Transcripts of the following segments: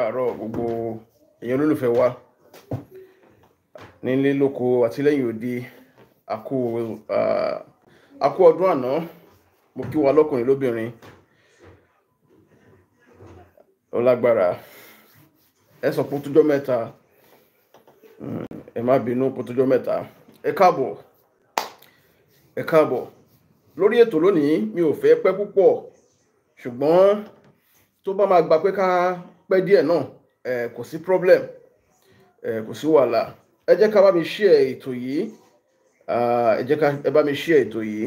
àárọ̀ gbogbo èèyàn olólùfẹ́ wa nílé lóko àti lẹ́yìn òde àkú ọdún àná mo kí wa lọ́kùnrin lóbìnrin ó lágbára ẹ sọ pé ó tójọ́ mẹ́ta ẹ má bínú pé ó tójọ́ mẹ́ta ẹ káàbọ̀ ẹ káàbọ̀ lórí ètò lónìí mi ò fẹ́ pẹ́ púpọ̀ ṣùgbọ́n tó bá máa gbà pé ká pẹ́ díẹ̀ náà kò sí problem kò sí wàhálà ẹ jẹ́ ká bá mi share ètò yìí ẹ jẹ́ ká ẹ bá mi share ètò yìí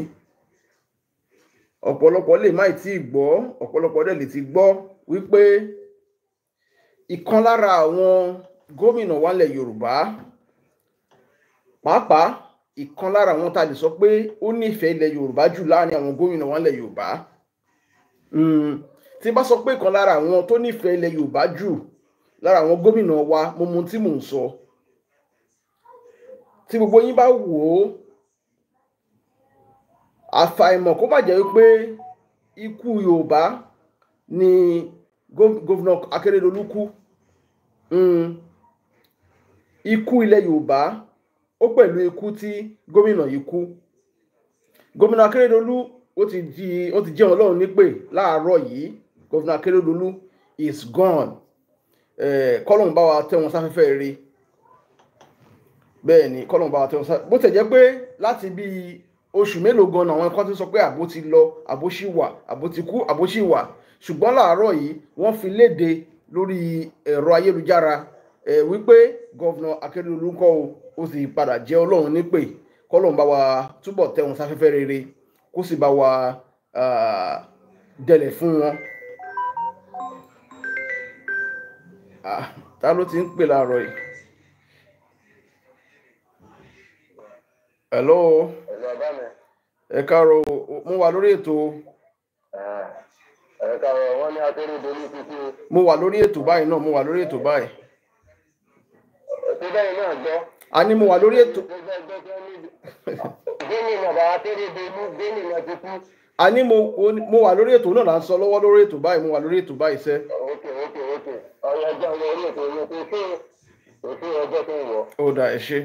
ọ̀pọ̀lọpọ̀ lè má tí ì gbọ́ ọ̀pọ̀lọpọ̀ dẹ̀ lè ti gbọ́ wípé ìkan lára àwọn gómìnà wálẹ̀ Yorùbá pàápàá ìkan lára àwọn tá a lè sọ pé ó nífẹ̀ẹ́ ilẹ̀ Yorùbá jù láàrin àwọn gómìnà wálẹ̀ Yorùbá hmm, tí bá sọ pé kan lára àwọn tó nífẹ̀ẹ́ ilẹ̀ Yorùbá jù lára àwọn gómìnà wa mo mú tí mò ń sọ tí gbogbo yín bá wò ó àfàìmọ̀ kó bàjẹ́ wípé ikú Yorùbá ni gómìnà Akérédolú kú hmm. ikú ilẹ̀ Yorùbá ó pẹ̀lú ikú tí gómìnà yìí kú gómìnà Akérédolú ó ti jẹun Ọlọ́run nípè láàárọ̀ yìí gọ́vùnà akérèdọ́lù is gone eh, kọ́lọ́n bá wa tẹ́ wọn sáfẹ́fẹ́ rí bẹ́ẹ̀ ni kọ́lọ́n bá wa tẹ́ wọn sáfẹ́fẹ́ bó tẹ̀ jẹ́ pé láti bí oṣù mélòó gan àwọn kan ti sọ pé àbó ti lọ àbó sì wà àbó ti kú àbó sì wà ṣùgbọ́n láàárọ̀ yìí wọ́n fi léde lórí ẹ̀rọ ayélujára ẹ̀ eh, governor gọ́vùnà akérèdọ́lù kọ́ o ó sì padà jẹ́ ọlọ́run nípè kọ́lọ́n bá wa túbọ̀ tẹ́ wọn sáfẹ́fẹ́ rere kó sì bá wa ah, dẹlẹ̀ fún wọn. ta ló ti ń pè láàárọ̀ yìí. hello. hello bá mi. ẹ káàárọ̀ mo wà lórí ètò. ẹ káàárọ̀ wọ́n ní akérè títí. mo wà lórí ètò báyìí náà mo wà lórí ètò báyìí. ètò báyìí náà gbọ́. a ní mo wà lórí ètò. gbẹ́ni nàbà akérè dolú gbẹ́ni nàbà a ní mo wà lórí ètò náà là ń sọ lọ́wọ́ lórí ètò báyìí mo wà lórí ètò báyìí sẹ́. ok ok ọ̀rọ̀ ọjọ́ ọmọ orí ètò ìwé kò sí kò sí ọjọ́ tó ń wọ̀. ó dà ẹ ṣe.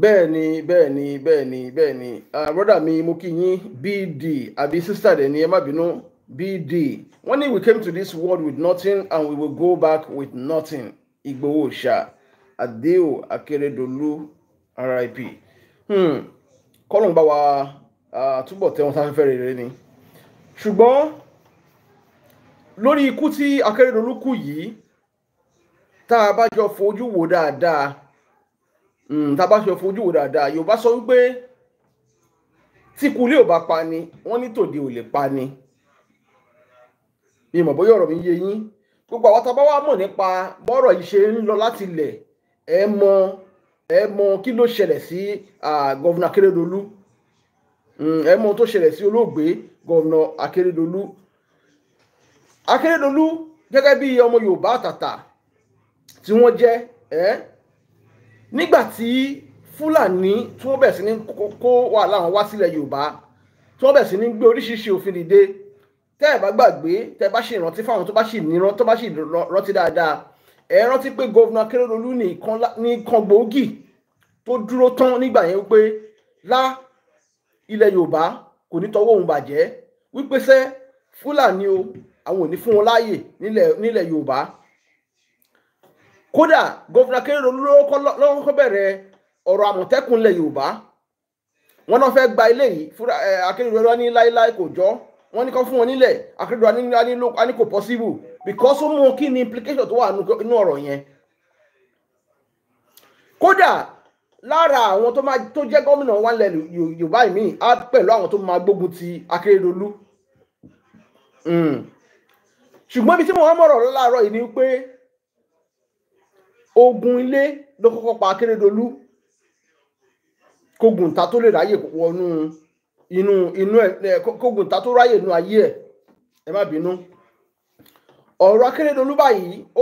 bẹ́ẹ̀ ni bẹ́ẹ̀ ni bẹ́ẹ̀ ni bẹ́ẹ̀ ni broda mi mo kí yín bd àbí sísá dẹ̀ ni ẹ má bínú bd wọ́n ní we came to this world with nothing and we will go back with nothing Ìgbòho ṣá adéo akérèdọ́lù rip hmm. kọ́lùn bá wa túbọ̀ tẹ́wọ́n sáfẹ́fẹ́ rere ni ṣùgbọ́n lórí ikú tí akérèdọ́lù kú yìí tá a bá jọ fojú wò dáadáa mm, tá a bá jọ fojú wò dáadáa yorùbá sọ wípé tíkulé ò bá pa ni wọ́n ní tòde ò lè pa ni mi mọ̀ bóyá ọ̀rọ̀ mi yé yín gbogbo àwọn tábá wa mọ̀ nípa bọ́rọ̀ yìí ṣe ń lọ láti ilẹ̀ ẹ mọ ẹ mọ kí ló ṣẹlẹ̀ sí gọ́vùnà akérèdọ́lù mm, ẹ mọ tó ṣẹlẹ̀ sí olóògbé gọ́vùnà akérèdọ́lù akérèdọ́lù gẹ́gẹ́ bí ọmọ yorùbá àtàtà tí wọ́n jẹ́ ẹ́ nígbà tí fúlàní tí wọ́n bẹ̀rẹ̀ sí ní kó wàhálà wọn wá sílẹ̀ yorùbá tí wọ́n bẹ̀rẹ̀ sí ní gbé oríṣiríṣi òfin dìde tẹ́ ẹ̀ bá gbàgbé tẹ́ ẹ bá ṣe ìrántí fáwọn tó bá ṣì ní tó bá ṣì rántí dáadáa ẹ rántí pé gómìnà akérèdọ́lù ní kan gbòógì tó dúró tán nígbà yẹn wípé lá ilẹ̀ yorùbá kò ní tọwọ́ òun bàjẹ́ wípé sẹ́ fúlàní o àwọn ò ní fún wọn láàyè nílẹ̀ yorùbá kódà gọ́fúnà Akérédolú lọ́wọ́ kọ́ bẹ̀rẹ̀ ọ̀rọ̀ àmọ̀tẹ́kùn lẹ̀ yorùbá wọn náà fẹ́ gba ilé yìí fúra Akérédolú ní láéláé kò jọ́ wọn ní kọ́ fún wọn nílẹ̀ Akérédolú ní kò possible because ó mú kí ni implication tó wà nínú ọ̀rọ̀ yẹn kódà lára àwọn tó jẹ́ gómìnà wa lẹ̀ yorùbá yìí mí pẹ̀lú àwọn tó máa gbógun ti Akérédolú. ṣùgbọ́n ibi tí mo wá mọ̀rọ̀ láàárọ̀ yìí ni pé ogun ilé ló kọ́kọ́ pa Akérédolú kógun tó lè ráyè wọnú inú inú ẹ kógun tó ráyè inú ayé ẹ ẹ má bínú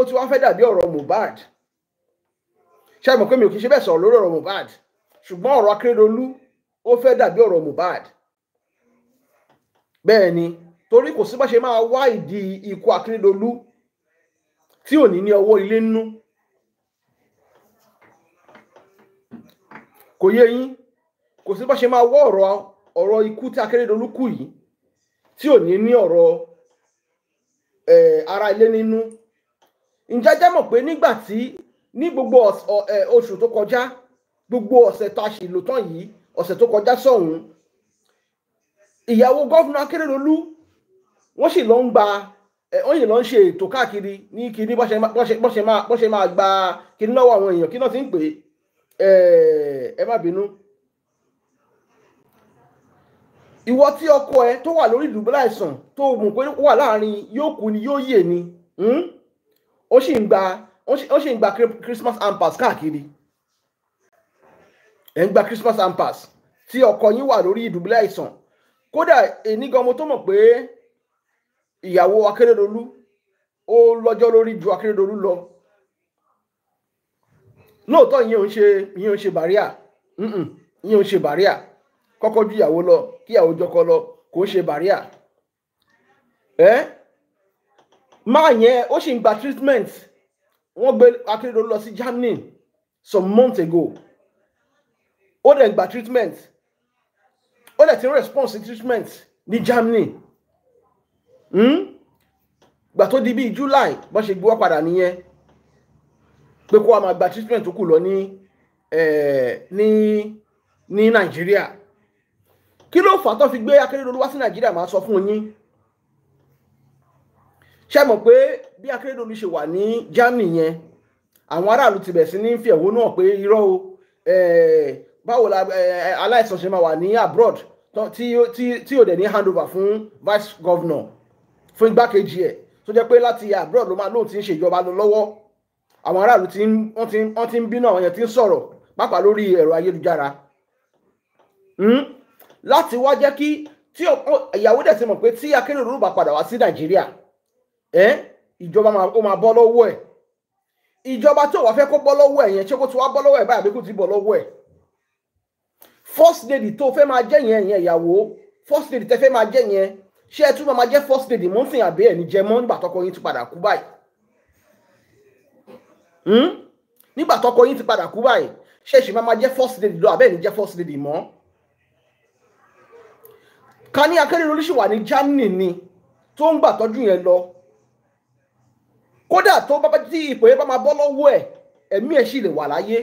ti wá fẹ́ dàbí ọ̀rọ̀ Mohbad ṣe àmọ̀ pé mi ò kì í ṣe bẹ́ẹ̀ sọ̀rọ̀ lórí ọ̀rọ̀ Mohbad ṣùgbọ́n ọ̀rọ̀ Akérédolú ó fẹ́ dàbí ọ̀rọ̀ Mohbad bẹ́ẹ̀ ni torí kò sí bá ṣe máa wá ìdí ikú Akérèdọ́lù tí ò ní ní ọwọ́ ilé nínú kò yé yín kò sí bá ṣe máa wọ́ ọ̀rọ̀ ọ̀rọ̀ ikú tí Akérèdọ́lù kú yìí tí ò ní ní ọ̀rọ̀ ara ilé nínú ǹjẹ́ mọ̀ pé nígbà tí ní gbogbo oṣù tó kọjá gbogbo ọ̀sẹ̀ tá a ṣì tán yìí ọ̀sẹ̀ tó kọjá sọ̀hún ìyàwó gọ́fúnà Akérèdọ́lù wọ́n sì lọ ń gba wọ́n sì lọ ń ṣe ètò káàkiri ní kiri bọ́ ṣe máa gba kiri lọ́wọ́ àwọn èèyàn kí náà ti ń pè é ẹ má bínú. ìwọ tí ọkọ ẹ tó wà lórí ìlú láìsàn tó mọ̀ pé wà láàrin yóò kú ni yóò yè ni hmm? ó sì ń gba ó sì ń gba Christmas hampers káàkiri ẹ̀ ń gba Christmas hampers tí ọkọ yín wà lórí ìdùbúlẹ̀ àìsàn kódà èní gan mo tó mọ̀ pé ìyàwó Akérédolú ó lọ́jọ́ lórí ju Akérédolú lọ lóòótọ́ ìyẹn ń ṣe bàríà ìyẹn ń ṣe bàríà kọ́kọ́ ju ìyàwó lọ kí ìyàwó jọkọ lọ kò ń ṣe bàríà ẹ máa yẹn ó sì ń gba treatment wọ́n gbé Akérédolú lọ sí Germany some months ago ó dẹ̀ ń gba treatment ó dẹ̀ ti ń response sí treatment ní Germany. Hmm? gbà tó di bíi July bọ́n ṣe gbé wá padà nìyẹn pé kó wa máa gba treatment tó kù lọ ní ní ní Nàìjíríà kí ló fà á tó fi gbé Akérédolú wá sí Nàìjíríà máa sọ fún yín ṣe mọ̀ pé bí Akérédolú ṣe wà ní Germany yẹn àwọn aráàlú ti bẹ̀rẹ̀ sí ní fi ẹ̀wọ́ náà pé irọ́ o báwo la aláìsàn ṣe máa wà ní abroad tí ò dẹ̀ ní handover fún vice governor fún igbákejì ẹ̀ tó jẹ́ pé láti abroad ló máa lóun ti ń ṣèjọba lọ lọ́wọ́ àwọn aráàlú ti ń wọ́n ti ń bínú àwọn èèyàn ti ń sọ̀rọ̀ pàápàá lórí ẹ̀rọ ayélujára hmm? láti wá jẹ́ kí tí ìyàwó dẹ̀ ti mọ̀ pé tí Akérédolú bá padà wá sí Nàìjíríà ìjọba ó máa bọ́ lọ́wọ́ ẹ̀ ìjọba tó wàá fẹ́ kó bọ́ lọ́wọ́ ẹ̀ yẹn ṣé kó ti wá bọ́ lọ́wọ́ ẹ̀ báyìí àbí kó ti bọ́ lọ́wọ́ ẹ̀ first lady tó fẹ́ máa jẹ́ yẹn yẹn ìyàwó first lady tẹ́ fẹ́ máa jẹ́ yẹn ṣé ẹ tún máa jẹ́ first lady mò ń sìn àbí ẹ̀ ní jẹ mọ́ nígbà tọkọ yín ti padà kú báyìí hmm? nígbà tọkọ yín ti padà kú báyìí ṣé ṣì máa jẹ́ first lady lọ àbí ẹ̀ ní jẹ́ first lady mọ́ ká ní Akérèdọ́lù ṣì wà ní Germany ni tó ń gbà tọ́jú yẹn lọ kódà tó bá tí ipò yẹn bá máa bọ́ lọ́wọ́ ẹ̀ ẹ̀mí ẹ̀ ṣì lè wà láyé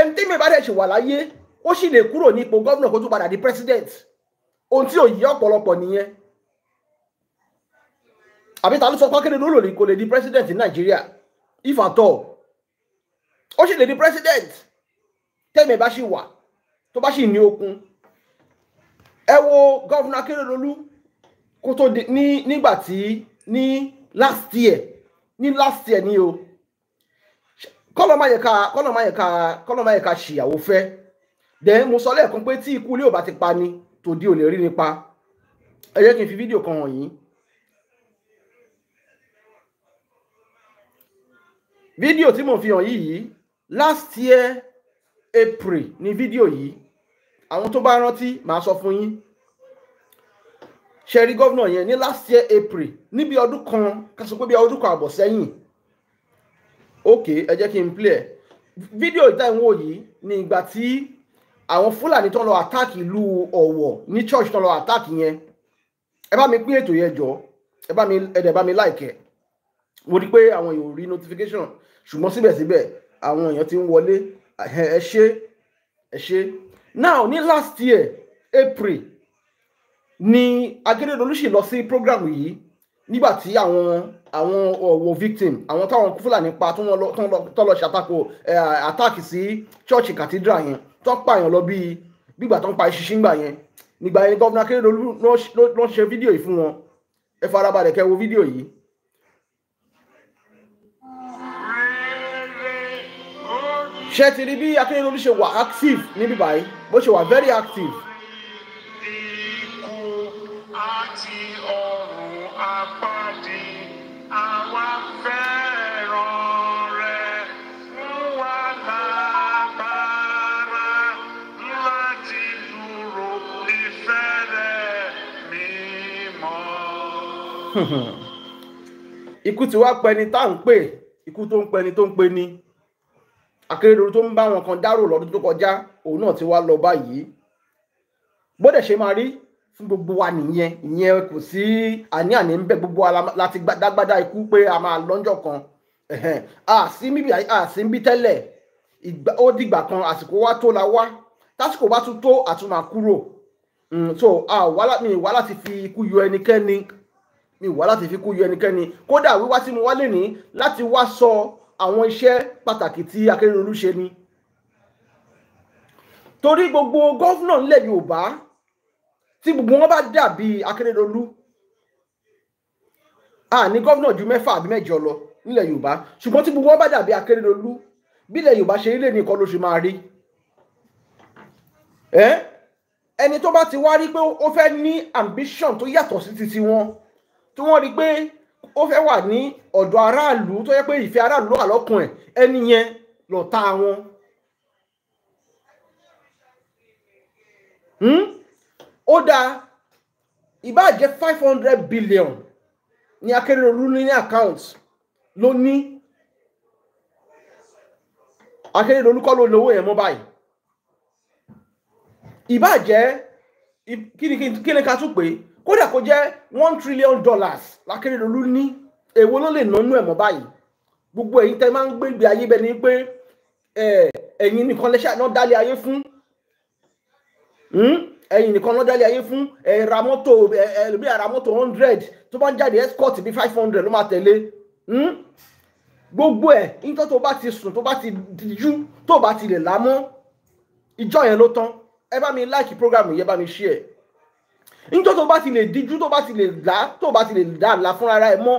ẹni tí mi bá dẹ̀ ṣì wà láyé ó ṣì lè kúrò ní ipò gómìnà kó tún padà di president ohun tí ò yí ọ̀pọ̀lọpọ̀ nìyẹn àbí ta ló sọ pé Akérédolú lè kò lè di president ní nàìjíríà if at all ó sì lè di president tẹ́mi bá sì wà tó bá sì ní okun ẹ wo gọ́vùnà Akérédolú kó tó di ní nígbà tí ní last year ní last year ni o kọ́lọ̀ máa yẹ ká kọ́lọ̀ máa yẹ ká ṣìyàwó fẹ́ then mo sọ lẹ́ẹ̀kan pé tí ikú ilé ò bá ti pa ni tòde ò lè rí ni pa ẹ jẹ́ kí n fi fídíò kan hàn yín. fídíò tí mo fi hàn yìí last year April ni fídíò yìí àwọn tó bá rántí màá sọ fún yín ṣẹ̀rí gọ́vnà yẹn ní last year April níbi ọdún kan ká sọ pé bí ọdún kan àbọ̀ sẹ́yìn ok ẹ jẹ́ kí n play ẹ̀ fídíò ìdáhùn yìí ni ìgbà tí àwọn Fúlàní tó lọ attack ìlú Ọ̀wọ̀ ní church tó ń lọ attack yẹn ẹ bá mi pín ètò yẹn jọ ẹ bá mi ẹ dẹ̀ bá mi like ẹ̀ mo rí pé àwọn èèyàn ò rí notification ṣùgbọ́n síbẹ̀síbẹ̀ àwọn èèyàn ti ń wọlé ẹ ṣe ẹ ṣe now ní last year April ni Akérédolú sì lọ sí program yìí nígbà tí àwọn àwọn ọ̀wọ̀ victim àwọn táwọn Fúlàní pa tó lọ ṣàtakò àtàkì sí chọ́ọ̀chì cathedral yẹn tó pààyàn lọ bíi gbígbà tó ń pa ìṣinṣin gbà yẹn nígbà yẹn gọ́vùnà Akérédolú ló ń ṣe fídíò yìí fún wọn ẹ farabalẹ̀ kẹ́ wo fídíò yìí. ṣé ti rí bí Akérèdọ́lù ṣe wà active níbí báyìí bó ṣe wà very active. Hmm. ikú àti ọ̀run apádi àwa fẹ́ràn rẹ̀ fún wa lágbára láti dúró ìfẹ́ tí wàá pẹni tá à ń pè ikú tó ń pẹni tó ń pè ni akérèdọ́lù tó ń bá wọn kan dárò lọ́dún tó kọjá òun náà ti wá lọ báyìí bóde ṣe máa rí fún gbogbo wa nìyẹn ìyẹn kò sí àní-àní ń bẹ gbogbo wa láti dágbádá ikú pé a máa lọ́njọ́ kan àsí ń bí tẹ́lẹ̀ ó dìgbà kan àsìkò wa tó la wá tásìkò bá tún tó àtúnmà kúrò hmm, so mi wá láti fi ikú yọ ẹnikẹ́ni mi wá láti fi ikú yọ ẹnikẹ́ni kódà wíwá tí mo wá lè ní láti wá sọ àwọn iṣẹ́ pàtàkì tí Akérèdọ́lù ṣe ni torí gbogbo gọ́fúnà nílẹ̀ Yorùbá tí gbogbo wọn bá dàbí Akérèdọ́lù a ní gọ́fúnà ju mẹ́fà àbí mẹ́jọ lọ nílẹ̀ Yorùbá ṣùgbọ́n tí gbogbo wọn bá dàbí Akérèdọ́lù bílẹ̀ Yorùbá ṣe rí lè ní ìkọlù ṣe máa rí ẹni tó bá ti wá rí pé ó fẹ́ ní ambition tó yàtọ̀ sí ti tiwọn tí wọ́n rí pé ó fẹ́ wà ní ọ̀dọ̀ aráàlú tó yẹ pé ìfẹ́ aráàlú ló wà lọ́kùn ẹ̀ ẹni yẹn lọ̀tá wọn. Hmm? ó dáa ìbá jẹ́ 500 hundred billion ní Akérèdọ́lù ní account ló ní Akérèdọ́lù kọ́ ló lówó yẹn mọ́ báyìí ìbá jẹ́ kí ni ká tún pè é kódà kó jẹ́ one trillion dollars lákèrèdọ́lù ní èwo ló lè nánú ẹ̀ mọ́ báyìí gbogbo ẹ̀yin tẹ́ máa ń gbé ìgbé ayé bẹ́ẹ̀ ni pé ẹ̀yin nìkan lẹ́ṣà náà dálé ayé fún hmm? ẹ̀yin nìkan náà dálé ayé fún ẹ̀ra mọ́tò ẹ̀lòmí ara mọ́tò hundred tó bá ń jáde escort bíi five hundred ló máa tẹ̀lé hmm? gbogbo ẹ̀ nítorí tó bá ti sùn tó bá ti yú tó bá ti lè lámọ́ ìjọ yẹn ló tán ẹ bá mi like program yẹn bá mi share níjọ́ tó bá ti lè díjú tó bá ti lè dá tó bá ti lè dá àlà fúnra ẹ mọ́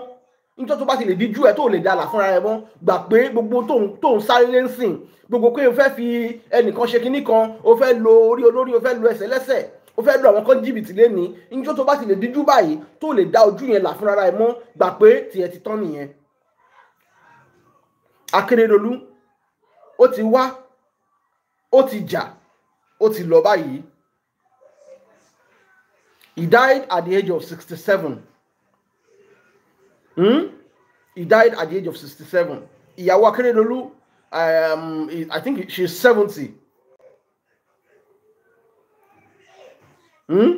níjọ́ tó bá ti lè díjú ẹ tó lè dá àlà fúnra ẹ mọ́ gbà pé gbogbo tó ń sáré lé ń sìn gbogbo pé o fẹ́ fi ẹnìkan ṣe kinní kan o fẹ́ lo orí olórí o fẹ́ lo ẹsẹ̀ lẹ́sẹ̀ ó fẹ́ lu àwọn kan jìbìtì lẹ́ni níjọ́ tó bá ti lè díjú báyìí tó lè dá ojú yẹn là fúnra ẹ mọ́ gbà pé tiẹ̀ ti tán nìyẹn. Akérédolú ó ti wá ó ti jà ó ti lọ báyìí He died at the age of 67. Hmm? He died at the age of 67. Ìyàwó um, I think she's 70. Hmm?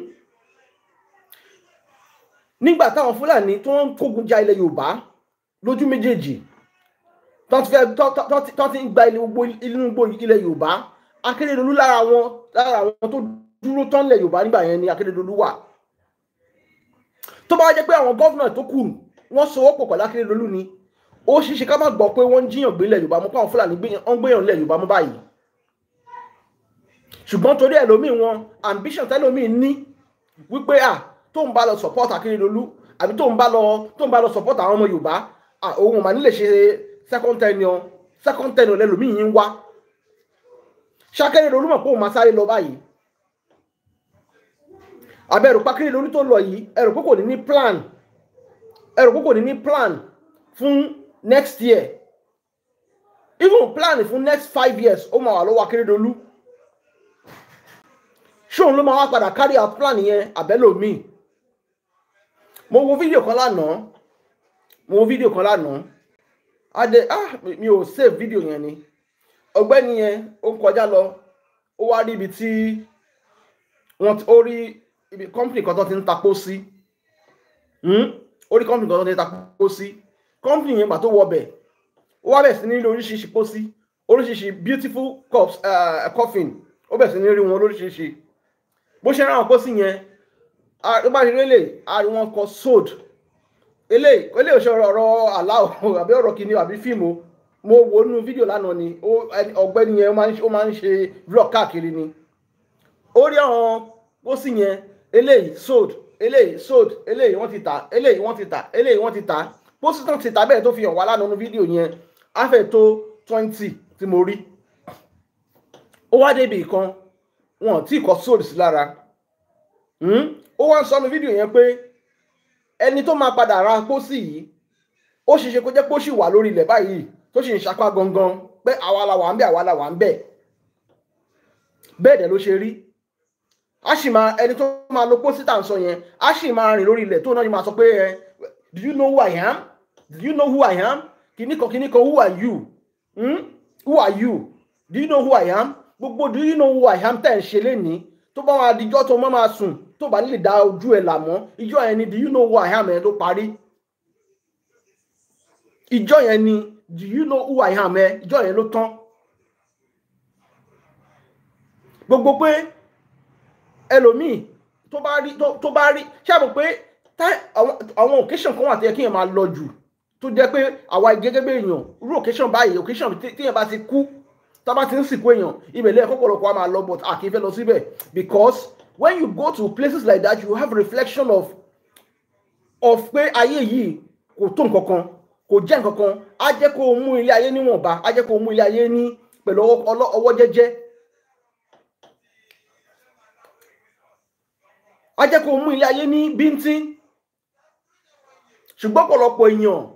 Nígbà táwọn Fúlàní tó ń kógun já ilẹ̀ Yorùbá lójú méjèèjì, tó ti ń gba ilẹ̀ Yorùbá, Akérédolú lára wọn tó dúró tán lẹ̀ yorùbá nígbà yẹn ni akérèdọ́lù wà tó bá jẹ́ pé àwọn gọ́vnà tó kù wọ́n so wọ́pọ̀ pẹ̀lú akérèdọ́lù ni ó ṣeéṣe ká má gbọ́ pé wọ́n ń jiyàn gbé lẹ̀ yorùbá mú káwọn fúlàní gbéyàn lẹ̀ yorùbá mú báyìí ṣùgbọ́n torí ẹlòmíì wọn ambition tẹlòmíì ní wípé à tó ń bá lọ support akérèdọ́lù àbí tó ń bá lọ tó ń bá lọ support àwọn ọmọ yorùbá òun mà nílè ṣe second tenure second tenure lẹ́lòmíì yín wá ṣakérèdọ́lù mọ̀ pé òun máa sáré lọ báyìí àbẹ ẹrù pákìrì lórí tó lọ yìí ẹrù pé ní ní plan ẹrù pé kò ní ní plan fún next year even plan fún next five years ó máa wà lọ́wọ́ Akérédolú ṣóun ló máa wá padà carry out plan yẹn àbẹ́lòmíì mo wo fídíò kan lánàá mo wo fídíò kan lánàá adé ah mi ò save fídíò yẹn ni ọ̀gbẹ́ni yẹn ó kọjá lọ ó wá rí ibi tí wọ́n ó rí ibi company kan tó ti ń tapó sí orí hmm? company kan tó ti ń tapó sí company yẹn gbà tó wọ bẹ̀ ó wá bẹ̀ sí ní oríṣiríṣi pósí oríṣiríṣi beautiful cups eh, coffin ó bẹ̀ sí ní rí wọn lóríṣiríṣi bó ṣe rán àwọn pósí yẹn ló bá ṣe rí àrí wọn kọ sold eléyìí eléyìí ò ṣe ọ̀rọ̀ aláwọ̀ àbí ọ̀rọ̀ kìíní àbí fíìmù mo wo nínú fídíò lánàá ni ọ̀gbẹ́ni yẹn ó máa ń ṣe vlog káàkiri ni ó rí àwọn pósí yẹn eléyìí sold eléyìí sold eléyìí wọ́n ti tà eléyìí wọ́n ti tà eléyìí wọ́n ti tà pósítọ̀ ti tà bẹ́ẹ̀ tó fi hàn wá lánàá nínú fídíò yẹn á tó twenty tí mo rí ó wá débi kan wọn tí kò sold sí lára hmm? ó wá ń sọ nínú fídíò yẹn pé ẹni tó máa padà ra pósí yìí ó ṣeéṣe kó jẹ́ pé ó sì wà lórí ilẹ̀ báyìí tó sì ń sapá gangan pé àwa la wà ń bẹ̀ àwa la wà ń bẹ̀ bẹ́ẹ̀ dẹ̀ ló ṣe rí a sì máa ẹni tó máa lo pósí tà ń sọ yẹn a sì máa rìn lórí ilẹ̀ tó náà yìí máa sọ pé ẹ eh, do you know who I am do you know who I am kìnnìkan kìnnìkan who are you hmm? who are you do you know who I am gbogbo do you know who I am tẹ̀ ń ṣe lénìí tó bá wọn adijọ́ tó máa máa sùn tó bá nílè da ojú ẹ̀ là mọ́ ìjọ yẹn ni do you know who I am ẹ̀ tó parí ìjọ yẹn ni do you know who I am ẹ̀ ìjọ yẹn ló tán gbogbo pé ẹlòmíì tó bá rí tó bá rí ṣàbò pé àwọn occasion kan wà tó yẹ kí yẹn máa lọ jù tó jẹ́ pé àwa gẹ́gẹ́ bí èèyàn irú occasion báyìí occasion tí yẹn bá ti kú tá a bá ti ń sìnkú èèyàn ìbẹ̀lẹ̀ ẹ̀kọ́ pọ̀lọpọ̀ a máa lọ but a kì í fẹ́ lọ síbẹ̀ because when you go to places like that you have reflection of of pé ayé yìí kò tó nǹkan kan kò jẹ́ nǹkan kan á jẹ́ kó o mú ilé ayé níwọ̀nba á jẹ́ kó o mú ilé ayé ní pẹ̀lú ọwọ́ jẹ́jẹ́ a jẹ́ kó mú ilé ayé ní bíntín ṣùgbọ́n pọ̀lọpọ̀ èèyàn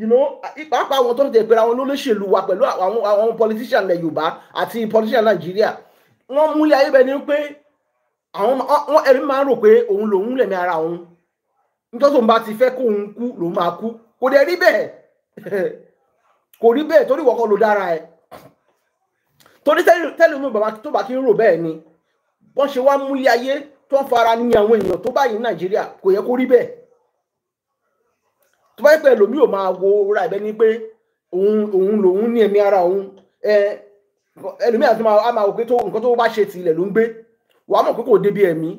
you know pàápàá àwọn tó ń tẹ̀ pé àwọn olóṣèlú wa pẹ̀lú àwọn àwọn politician ilẹ̀ Yorùbá àti politician Nàìjíríà wọ́n mú ilé ayé bẹ́ẹ̀ ni pé àwọn ẹ̀rí máa ń rò pé òun lòun lẹ̀mí ara òun nítorí tóun bá ti fẹ́ kóun kú lòun máa kú kò dẹ̀ rí bẹ́ẹ̀ kò rí bẹ́ẹ̀ torí wọ́kọ́ ló dára ẹ̀ torí tẹ́lẹ̀ mi bàbá tó bá kí ń rò bẹ́ẹ̀ ni wọ́n ṣe wá múlé ayé tó ń fara ní àwọn èèyàn tó báyìí ní nàìjíríà kò yẹ kó rí bẹ́ẹ̀ tó bá pé ò máa wo ra ibe ni pé òun òun lòun ní ara òun ẹlòmíì àti máa máa wò pé tó nǹkan tó bá ṣe tìlẹ̀ ló ń gbé wàá mọ̀ pé kò débi ẹ̀mí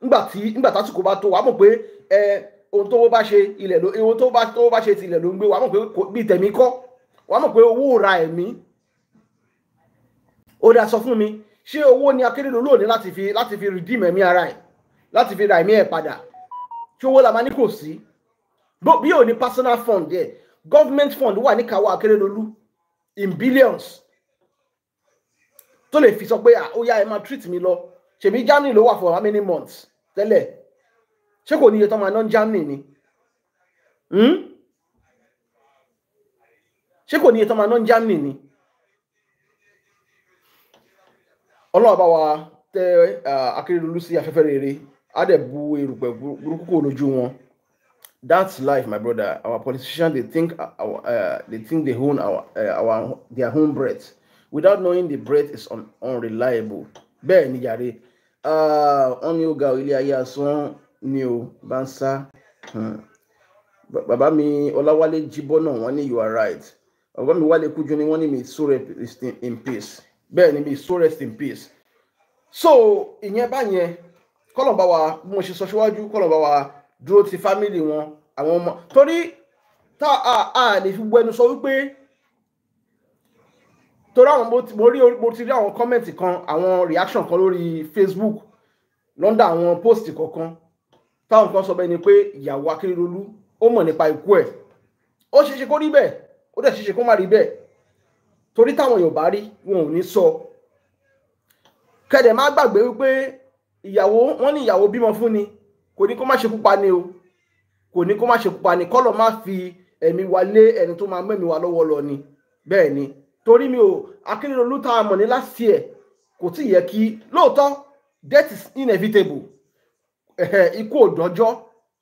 nígbà tí nígbà tásìkò bá tó wàá mọ̀ pé ohun tó bá ṣe ilẹ̀ ló ohun tó bá tó bá ṣe tìlẹ̀ ló ń gbé wàá ra ẹ̀mí ó mi ṣé owó ni akérèdọ́lù ò ní láti fi láti fi redeem ẹ̀mí ara ẹ̀ láti fi ra ẹ̀mí ẹ̀ padà ṣé owó la máa ní kò sí bí ò ní personal fund yẹ government fund wà ní kàwọ́ akérèdọ́lù in billions tó lè fi sọ pé ó yá ẹ máa treat mi lọ ṣèbí Germany ló wà for how many months tẹ́lẹ̀ ṣé kò ní iye tó máa ná Germany ni hmm? ṣé kò ní iye tó máa ná Germany ni. Hmm? ọlọ́run wa tẹ akérèdọ́lù sí afẹ́fẹ́ rere á dẹ̀ bu burúkú kò wọn that's life my brother our politicians they think our, uh, they think they own our, uh, our their own breath without knowing the breath is un unreliable bẹ́ẹ̀ ni yàrá wọ́n ní ó ga ilé ayé asán ni o bá ń sá hmm. bàbá mi ọláwálé jíbọ́ náà wọ́n ní you are right bàbá mi wálé kújú ni wọ́n ní mi so rest in peace bẹ́ẹ̀ ni so rest in peace so ìyẹn báyẹn kọ́lọ̀n wa bí mo ṣe sọ síwájú kọ́lọ̀n wa dúró ti fámìlì wọn àwọn ọmọ torí tá a lè fi gbẹnu sọ wípé torí àwọn mo rí mo ti rí àwọn kọ́mẹ̀ntì kan àwọn reaction kan lórí Facebook lọ́ndà àwọn post kọ̀ọ̀kan táwọn kan sọ bẹ́ẹ̀ ni pé ìyàwó Akérèdọ́lù ó mọ̀ nípa ikú ẹ̀ ó ṣeéṣe kó rí bẹ́ẹ̀ ó dẹ̀ ṣeéṣe kó má rí bẹ́ẹ̀ torí táwọn Yorùbá rí wọn ò ní sọ kẹdẹ má gbàgbé wípé ìyàwó wọn ní ìyàwó bímọ fún ni kò ní kó má ṣekú pa ni o kò ní kó má ṣekú pa ni kọlọ má fi ẹ̀mí wa lé ẹni tó máa mẹmí wa lọ́wọ́ lọ ni bẹ́ẹ̀ ni torí mi ò Akérèdọlù tá a mọ̀ ní last year kò tí yẹ kí lóòótọ́ death is inevitable ikú ò dọ́jọ́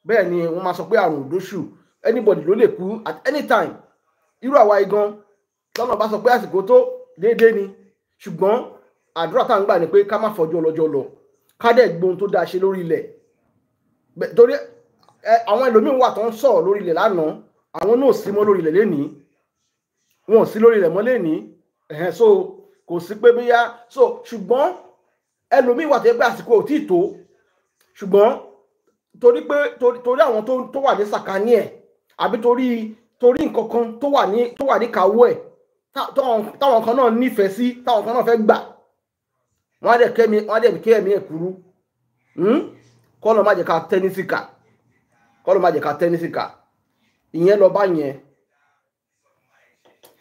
bẹ́ẹ̀ ni wọ́n máa sọ pé àrùn ò anybody ló lè kú at any time irú àwa igan lọ́nà bá sọ pé àsìkò tó déédéé ni ṣùgbọ́n àdúrà tá à ń gbà ni pé ká má fọjọ́ ọlọ́jọ́ lọ ká dẹ̀ gbohun tó dáa ṣe lórí ilẹ̀ torí àwọn ẹlòmíín wà tó ń sọ̀rọ̀ lórí ilẹ̀ lánàá àwọn náà sí mọ́ lórí ilẹ̀ lénìí wọn ò sí lórí ilẹ̀ mọ́ lénìí ẹ̀hẹ́n so kò sí pé bóyá so ṣùgbọ́n ẹlòmíín wà tó yẹ pé àsìkò ò tí ì tó ṣùgbọ́n torí pé torí àwọn tó wà ní sàkání àbí torí torí nǹkan kan tó wà ní tó ẹ̀ táwọn kan náà nífẹ̀ẹ́ sí táwọn kan náà fẹ́ gbà wọ́n á dẹ̀ kẹ́mi wọ́n á dẹ̀ kẹ́mi ẹ̀ kúrú hmm? kọ́lọ̀ má jẹ́ ká tẹ́ ní síkà kọ́lọ̀ má jẹ́ ká tẹ́ ní síkà ìyẹn lọ bá yẹn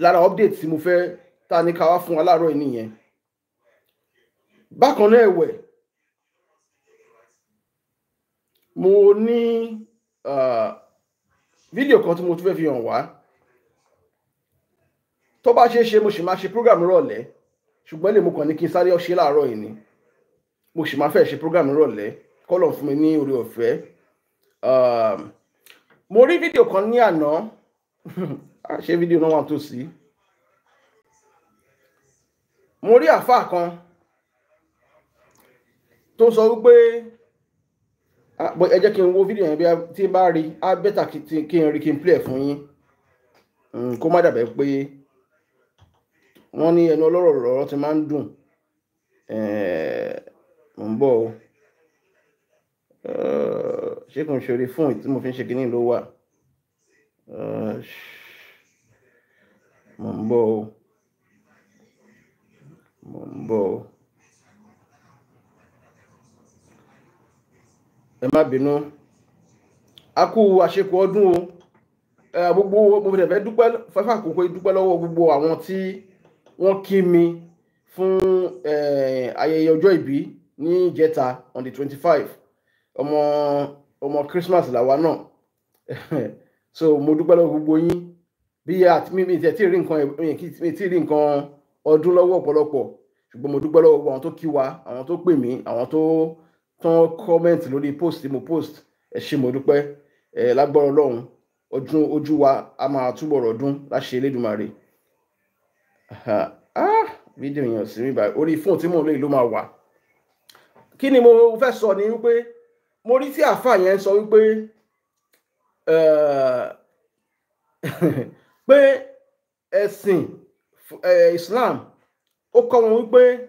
lára update tí mo fẹ́ ta ní ká wá fún wa láàárọ̀ nìyẹn bákan náà ẹ̀wẹ̀ mo ní fídíò ah, kan tí mo tún fẹ́ fi hàn wá tó bá ṣe é ṣe mo sì máa ṣe program rọ̀lẹ́ ṣùgbọ́n lè mo kàn ní kí n sáré ọṣẹ láàárọ̀ yìí ni mo sì máa fẹ́ ṣe program rọ̀lẹ́ kọ́lọ̀ fún mi ní orí ọ̀fẹ́ ehm, mo rí fídíò kan ní àná ṣé fídíò náà wà tó sí mo rí àáfàá kan tó sọ wípé ah, ẹ jẹ́ kí n wo fídíò yẹn tí n bá rí á bẹ́tà kí n rí kí n play ẹ̀ fún yín hmm, kó má dàbẹ̀ pé wọ́n ní ẹnu ọlọ́rọ̀ lọ́rọ̀ ti máa ń dùn mò ń bọ̀ o ṣé kò ń ṣeré fún ìtí mo fi ń ṣe kínní ló wà mò ń bọ̀ o mò ń bọ̀ o. ẹ má bínú a kú àṣekù ọdún o gbogbo mo fẹ́ dúpẹ́ fẹ́fà kókó dúpẹ́ lọ́wọ́ gbogbo àwọn tí wọ́n kí mi fún ayẹyẹ ọjọ́ ìbí ní ìjẹta on the twenty five ọmọ ọmọ Christmas làwa náà so mo dúpẹ́ lọ́wọ́ gbogbo yín bí mi ti rí nǹkan mi ti rí nǹkan ọdún lọ́wọ́ ọ̀pọ̀lọpọ̀ ṣùgbọ́n mo dúpẹ́ lọ́wọ́ àwọn tó kí wa àwọn tó pè mí àwọn tó tán kọ́mẹ̀ntì lórí post tí mo post ẹ ṣé mo dúpẹ́ ẹ lágbára Ọlọ́run ojú wa a máa túbọ̀ rọ̀dún láṣẹ Elédùmarè fídíò ah, yẹn ò sí mi báyìí orí fóònù tí mò ń lò ló máa wà kí ni mo fẹ́ sọ ni wípé mo rí tí àáfàá yẹn sọ wípé eh, pé ẹ̀sìn eh, Islam ó kọ́ wọn wípé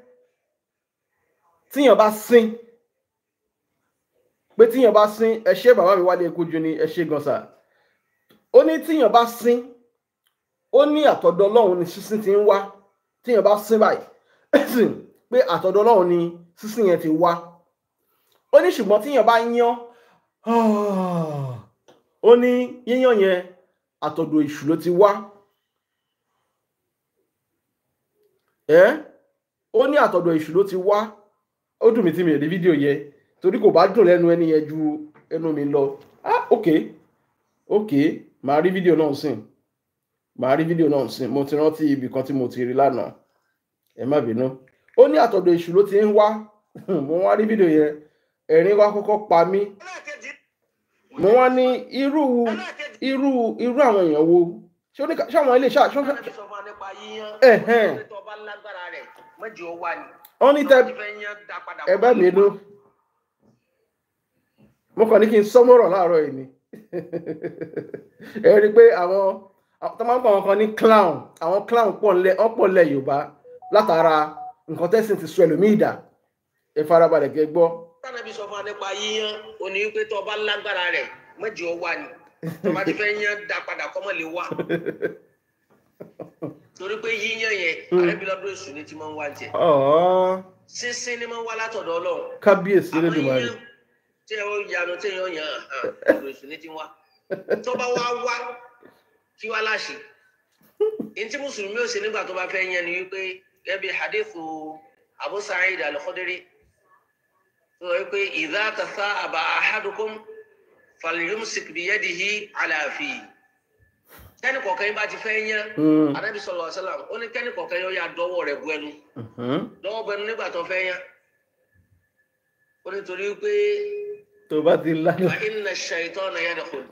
tíyàn bá sin pé tíyàn bá sin ẹ ṣé bàbá mi wálé kojú ni ẹ gan sa ó ní tíyàn bá sin ó ní àtọ̀dọ̀ ọlọ́run ni sísìn ti ń wá tíyẹn bá sín báyìí pé àtọ̀dọ̀ ọlọ́run ni sísìn yẹn ti wá ó ní ṣùgbọ́n tíyẹn bá yán ó ní yíyán yẹn àtọ̀dọ̀ èṣù ló ti wá ẹ́ ó ní àtọ̀dọ̀ èṣù ló ti wá ó dùn mí tí mi rí fídíò yẹn torí kò bá dùn lẹ́nu ẹni yẹn ju ẹnu mi lọ ah ok ok màá rí fídíò náà sìn màá rí fídíò náà sí mo ti rántí ibì kan tí mo ti rí lánàá ẹ má bínú ó ní àtọ̀dọ̀ èṣù ló ti ń wá mo wá rí fídíò yẹn ẹ̀rín wá kọ́kọ́ pa mí mo wá ní irú irú irú àwọn èèyàn wo ṣé ó ní ṣé àwọn ilé ṣáà ṣó ṣe. wọ́n ní tẹ ẹ mi dún mo kàn ní kí n sọ́mọ́rọ̀ láàárọ̀ yìí ni ẹ rí i pé àwọn tó máa ń pọ̀ àwọn kan ní clown àwọn clown pọ̀ ńlẹ̀ ọ̀pọ̀ ńlẹ̀ Yorùbá látara nǹkan tẹ́sìn ti sọ ẹlòmíì dà ẹ farabalẹ̀ kẹ́ gbọ́. tánàbí sọ fún wa nípa yíyan òní wípé tó ọba lágbára rẹ̀ mọ́jì ọ wà ní tó bá ti fẹ́ yan dá padà kọ́mọ̀ lè wà torí pé yíyan yẹn hmm. àrẹ́bílọ́dún èṣù ni ti máa ń wá jẹ. sínsín ni máa ń wá látọ̀dọ̀ Ọlọ́run. kábíyèsí lè dùn wáyé. tí ẹ yanu tí ẹ yan yàn án ọ̀dọ̀ èṣù tó bá wá wá kí wàá láṣẹ yìí tí mùsùlùmí ò ṣe nígbà tó bá fẹ́ yẹn ni wípé gẹ́bí hadithu Abu Sa'id al-Khudri tó wọ́n pé idha tasa'aba ahadukum falyumsik biyadihi ala fi kẹ́ni kọ̀ọ̀kan yín bá ti fẹ́ yẹn hmm. Ànábì sallallahu alaihi ó ní kẹ́ni kọ̀ọ̀kan yín ó yà dọ́wọ́ rẹ̀ bu ẹnu hmm. dọ́wọ́ nígbà tó fẹ́ yẹn ó nítorí pé tó bá ti lá ní. inna shaytana yadkhul.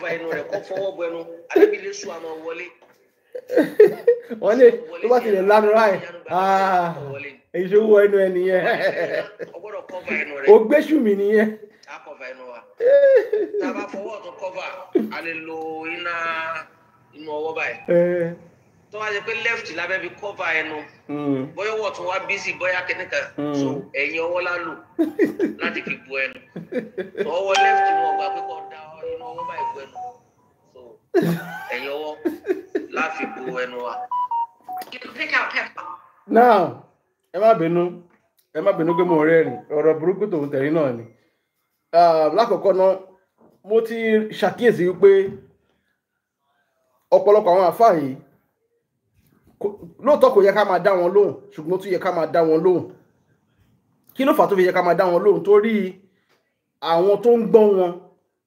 ba ẹnu rẹ̀ kó fọwọ́ bọ ẹnu àbíbílẹ̀ sùn wọ́n lè tó bá ti lè lá ah, wọ ẹnu ẹ nìyẹn. ọgbọ́dọ̀ kọ́ ba ẹnu mi nìyẹn. a kọ́ bá fọwọ́ tó kọ́ a lè lo iná inú ọwọ́ báyìí. Eh tó wá jẹ pé left lábẹ́ fi kọ́fà ẹnu hmm. bóyá wọ̀ tún wá bísí bóyá kẹ́nìkan hmm. so ẹ̀yìn ọwọ́ la lò láti fi bu ẹnu ọwọ́ left ni wọ́n pé kọ́ da inú ọwọ́ báyìí bu ẹnu so ẹ̀yìn ọwọ́ la fi bu ẹnu wa. now ẹ má bínú ẹ má bínú pé mo rẹ́rìn ọ̀rọ̀ burúkú tòun tẹ̀rín náà ni um, lákọ̀ọ́kọ́ náà mo ti ṣàkíyèsí wípé ọ̀pọ̀lọpọ̀ àwọn àfáà yìí lóòótọ́ kò yẹ ká máa dá wọn lóhùn ṣùgbọ́n ó tún yẹ ká máa dá wọn lóhùn kí ló fà tó fi yẹ ká máa dá wọn lóhùn torí àwọn tó ń gbọ́ wọn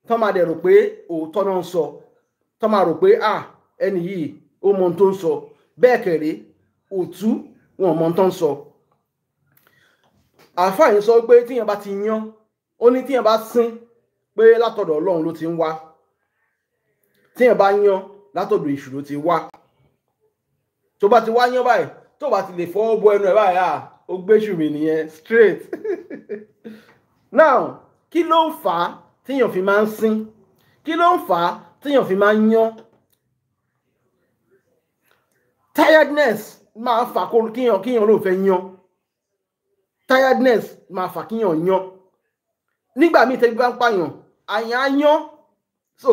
tán máa dẹ̀ rò pé òótọ́ náà ń sọ tán máa rò pé à ẹni yìí ó mọ ohun tó ń sọ bẹ́ẹ̀ kẹ̀rẹ́ òtú wọn ò mọ ohun tó ń sọ. àáfàá yìí sọ pé tíyẹn bá ti yan ó ní tíyẹn bá sín pé látọ̀dọ̀ ọlọ́run ló ti ń wá tíyẹn bá yan látọ̀dọ̀ èṣù tó bá ti wá yán báyìí tó bá ti lè fọwọ́ bọ ẹnu ẹ̀ báyìí à ó gbéṣù mi nìyẹn straight now kí ló ń fà á tíyàn fi máa ń sín kí ló ń fà á tíyàn fi máa ń yán tiredness máa ń fà kíyàn kíyàn ló fẹ́ yán tiredness máa fà kíyàn yán nígbà míì tẹ́bí bá ń pààyàn àyàn á yán so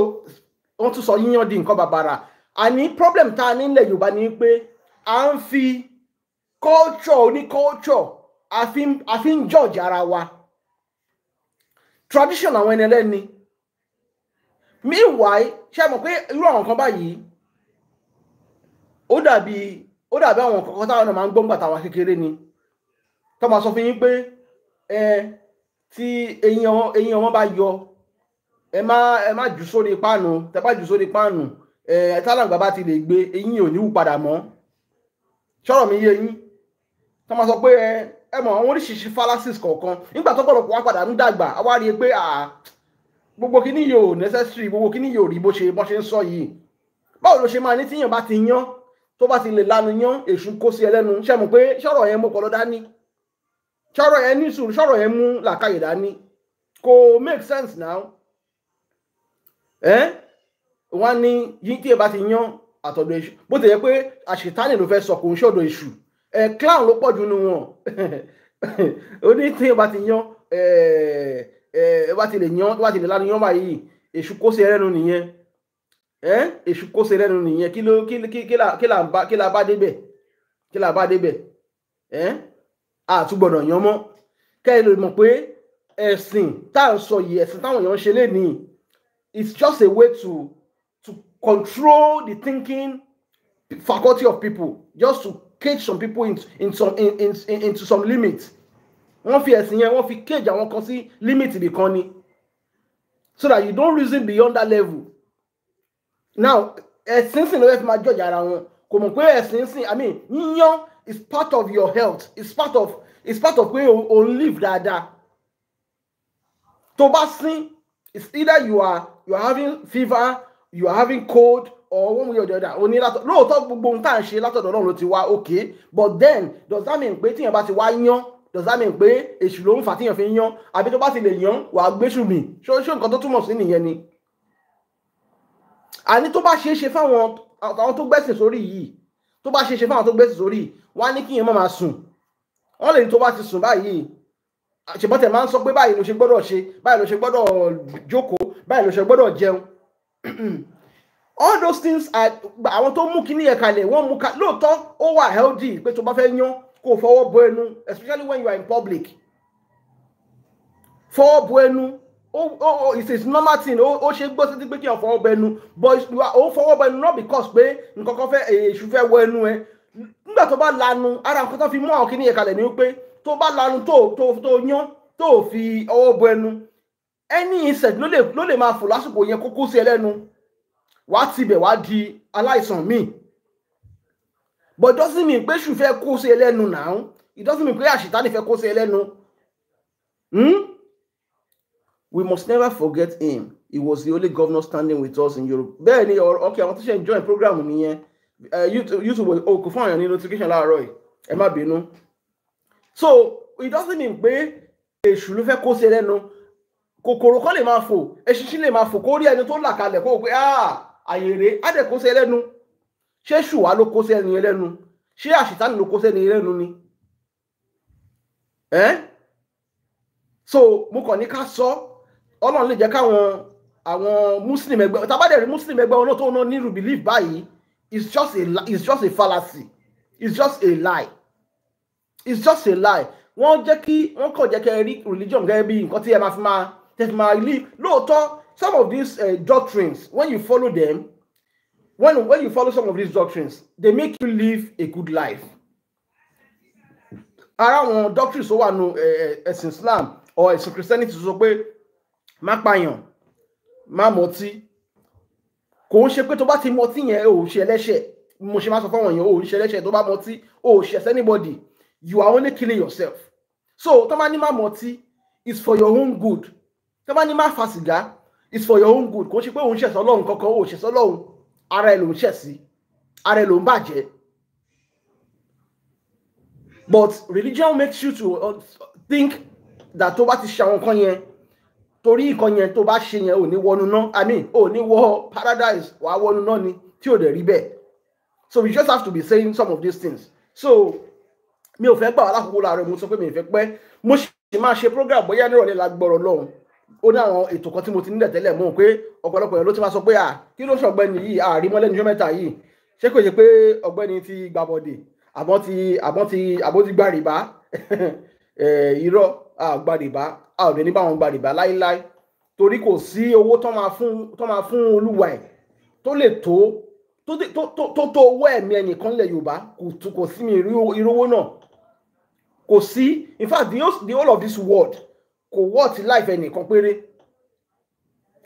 wọ́n tún sọ yíyan di nǹkan bàbàrà àní problem tá a nílẹ̀ Yorùbá ni pé à ń fi culture oní culture a fi ń judge ara wa tradition àwọn ẹni ẹlẹ́ni meanwhile ṣe mọ̀ pé irú àwọn kan báyìí ó dàbí ó dàbí àwọn kọ̀ọ̀kan táwọn náà máa ń gbọ́ngbà táwa kékeré ni tó máa sọ fún yín pé ẹ tí eyín ọmọ bá yọ ẹ má ẹ má jù sórí páànù tẹ bá jù sórí páànù ẹ tálàǹgbà bá ti lè gbé eyín ò ní wù padà mọ́ ṣọ́rọ̀ mi yé yín tó máa sọ pé ẹ ẹ mọ̀ àwọn oríṣiríṣi fallacies kọ̀ọ̀kan nígbà tó pọ̀lọpọ̀ wá padà ń dàgbà a wá rí i pé gbogbo kíní yóò necessary gbogbo kíní yóò rí bó ṣe bó ṣe ń sọ yìí báwo ló ṣe máa ní tíyàn bá ti yán tó bá ti lè lanu yán èṣù kó sí ẹlẹ́nu ṣe mọ̀ pé ṣọ́rọ̀ yẹn mo kọ́ lọ dání ṣọ́rọ̀ yẹn ní sùúrù ṣọ́rọ̀ yẹn mú làkàyè dání kò make sense now ẹ wọn ní yín tí ẹ bá ti yán àtọ̀dọ̀ èṣù bó ti yẹ pé àṣetánì ló fẹ́ sọ kò ń ṣọ̀dọ̀ èṣù ẹ̀ clown ló pọ̀ jù nù wọn oní tí bá ti yan bá ti lè yan bá ti lè lanu yan báyìí èṣù kó ṣe rẹ́nu nìyẹn ẹ kó ṣe rẹ́nu nìyẹn kí ló kí kí kí là bá débẹ̀ kí là bá débẹ̀ àtúgbọ̀dọ̀ yan mọ́ kẹ́ ẹ mọ̀ pé ẹ̀sìn tá à sọ yìí ẹ̀sìn táwọn èèyàn ń ṣe lénìí it's just a way to control the thinking faculty of people just to cage some people in, in some, in, in, in, into some limits. wọ́n fi ẹ̀sìn yẹn wọ́n fi cage àwọn kan sí limit nìkan ni so that you don't reason beyond that level now ẹ̀sìn sìn ló fẹ́ fi máa jọ̀jà ara wọn kò mọ̀ pé ẹ̀sìn sìn i mean yíyan is part of your health is part of is part of pé o n live dáadáa tó bá sin is either you are you are having fever you are having cold or one way or the other o ní látọ̀ lóòótọ́ gbogbo ohun tá à ń ṣe látọ̀dọ̀ Ọlọ́run ló ti wá okay but then does that mean pé tíyẹn bá ti wá yán does that mean pé èṣù ló ń fà tíyẹn fi ń yán àbí tó bá ti lè yán wàá gbéṣù mi ṣó ṣó nǹkan tó túmọ̀ sí nìyẹn ni. àní tó bá ṣeé ṣe fáwọn àwọn tó gbẹ̀sìn sórí yìí tó bá ṣeé ṣe fáwọn tó gbẹ̀sìn sórí yìí wọ́n á ní kíyẹn má máa sùn wọ́n lè ní tó bá ti sùn báyìí ṣèbọ̀tẹ̀ máa ń sọ pé báyìí ló ṣe gbọ́dọ̀ ṣe báyìí ló ṣe gbọ́dọ̀ jókòó báyìí ló ṣe gbọ́dọ̀ jẹun all those things are àwọn tó mú kíní yẹn kalẹ̀ wọ́n mú ka lóòótọ́ ó wà healthy pé tó bá fẹ́ yán kó fọwọ́ bo ẹnu especially when you are in public fọwọ́ bo ẹnu ó ó It a normal thing ó ó ṣe gbọ́ títí pé kí n fọwọ́ bo ẹnu but ó fọwọ́ bo ẹnu not because pé nǹkan kan fẹ́ èṣù eh, fẹ́ wọ ẹnu ẹ nígbà tó bá lanu ara nǹkan tó fi mú àwọn kíní yẹn kalẹ̀ ni wípé tó bá lanu tó tó tó yán tó fi ọwọ́ bo ẹnu any insect ló lè ló lè máa fò lásìkò yẹn kókó sí ẹlẹ́nu wàá tibẹ̀ wàá di aláìsàn míì but doesn't mean pé ṣù fẹ́ kó sí ẹlẹ́nu náà it doesn't mean pé àṣìtánì fẹ́ kó sí ẹlẹ́nu hmm? we must never forget him he was the only governor standing with us in Europe bẹ́ẹ̀ ni ọkẹ́ àwọn tó ṣe ń join program nìyẹn eh, YouTube òkú fún àyàn ní notification láàárọ̀ yìí ẹ má bínú so it doesn't mean pé èṣù ló fẹ́ kó sí ẹlẹ́nu kòkòrò kan lè máa fò eṣinṣin lè máa fò kó rí ẹni tó là kalẹ̀ kó o pé ah, àyèrè àdè kó ṣé ṣùwà ló kó ẹni lẹ́nu ṣé àṣìtánì ló kó ẹni lẹ́nu ni. so mo kàn ní ká sọ ọlọ́run lè jẹ́ káwọn àwọn muslim ẹgbẹ́ tabadẹ̀rí muslim ẹgbẹ́ wọn tó ná nírú belief báyìí it's just a it's just a fallacy it's just a lie it's just a lie wọ́n jẹ́ kí wọ́n kàn jẹ́ kẹ́ rí religion gẹ́gẹ́ bí nǹkan tí ẹ máa fi máa tètè máa lè lóòótọ́ some of these uh, doctrines when you follow them when when you follow some of these doctrines they make you live a good life Around àwọn doctrines tó wà nù eh, eh, Islam or ẹ̀sìn Christianity sọ pé má pààyàn má Moti, kò ń ṣe pé tó bá ti mọtí yẹn ò ṣe ẹlẹ́ṣẹ̀ mo ṣe máa sọ fáwọn èèyàn ò ń ṣe ẹlẹ́ṣẹ̀ tó bá mọtí ò anybody you are only killing yourself so to bá ní má mọtí is for your own good tó bá ní má fa sìgá it's for your own good kò ṣe pé òun ṣẹ̀sọ́ lọ́hùn kankan òun ṣẹ̀sọ́ lọ́hùn ara ẹ̀ ló ń ṣẹ̀ ara ẹ̀ ló ń bàjẹ́ but religion makes you to uh, think that tó bá ti ṣe àwọn nǹkan yẹn torí nǹkan yẹn tó bá ṣe yẹn ò ní wọnú náà i mean ò ní wọ paradise wàá wọnú náà ni tí ò dẹ̀ rí bẹ́ẹ̀ so we just have to be saying some of these things so mi ò fẹ́ gbà wá lákòókò láàárọ̀ mo sọ pé mi ò fẹ́ pẹ́ mo ṣe máa ṣe program bóyá nírọ̀lẹ́ la gbọ́rọ̀ lọ́hùn ó ní àwọn ètò kan tí mo ti nílẹ̀ tẹ́lẹ̀ mọ̀ pé ọ̀pọ̀lọpọ̀ yẹn ló ti máa sọ pé à kí ló ṣe ọ̀gbẹ́ni yìí àárí mọ́lẹ́ni jọ́ mẹ́ta yìí ṣé kò ṣe pé ọ̀gbẹ́ni ti gbàbọ̀dè àbọ̀ ti àbọ̀ ti àbọ̀ ti gbàrìbá irọ́ àgbàrìbá a ò lè ní báwọn gbàrìbá láíláí torí kò sí owó tó máa fún olúwa ẹ̀ tó lè tó tó tó owó ẹ̀mí ẹnìkan lẹ̀ yorùbá kò sí mi irú náà kò sí in fact the whole of this world kò wọ́ọ̀tì láìfẹ́ nìkan péré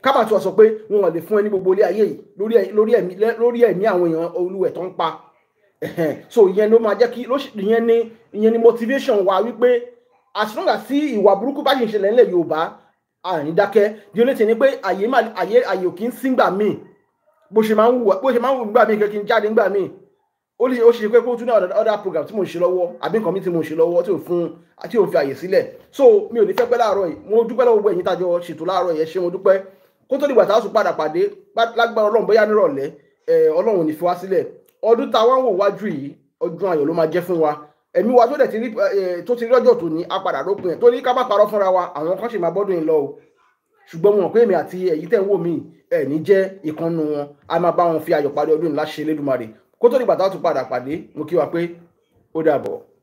kábàtú ọ̀sọ̀ pé wọn ò lè fún ẹ ní gbogbo ilé ayé yìí lórí ẹ̀mí àwọn èèyàn olúwẹ̀ tó ń pa so ìyẹn ló máa jẹ́ kí ìyẹn ni ìyẹn ni motivation wa wípé as long as tí ìwà burúkú bá ṣì ń ṣẹlẹ̀ nílẹ̀ Yorùbá àrùn dákẹ́ di oní tèmi pé àyè àyè òkín sí ngbà míì bó ṣe máa ń wù nígbà míì kí n jáde ngbà míì ó lè ó ṣe pé kó tún ní other program tí mò ń ṣe lọ́wọ́ àbí nǹkan mi tí mò ń ṣe lọ́wọ́ tí ò fún tí ò fi àyè sílẹ̀ so mi ò ní fẹ́ pẹ́ láàárọ̀ yìí mo dúpẹ́ lọ́wọ́ gbogbo ẹ̀yin tájọ ṣètò láàárọ̀ yẹn ṣé mo dúpẹ́ kó tó dìgbà tá a sùn padà pàdé lágbára ọlọ́run bóyá nírọ̀lẹ́ ọlọ́run ò ní fi wá sílẹ̀ ọdún tá a wá ń wò wájú yìí ọdún ayọ̀ ló máa jẹ́ fún wa ẹ̀mí wa tó dẹ̀ ti rí tó ti rí ọjọ́ tó ní apàdà lópin ẹ̀ tó ní ká bá parọ́ fúnra wa àwọn kan sì máa bọ́dún yìí lọ o ṣùgbọ́n mo mọ̀ pé èmi àti èyí tẹ̀ ń wò mí ẹ̀ ní jẹ́ ìkànnù wọn a máa bá wọn fi ayọ̀ parí ọdún yìí láṣẹ Elédùmarè kó tó dìgbà tá a tún padà pàdé mo kí wa pé ó dàbọ̀.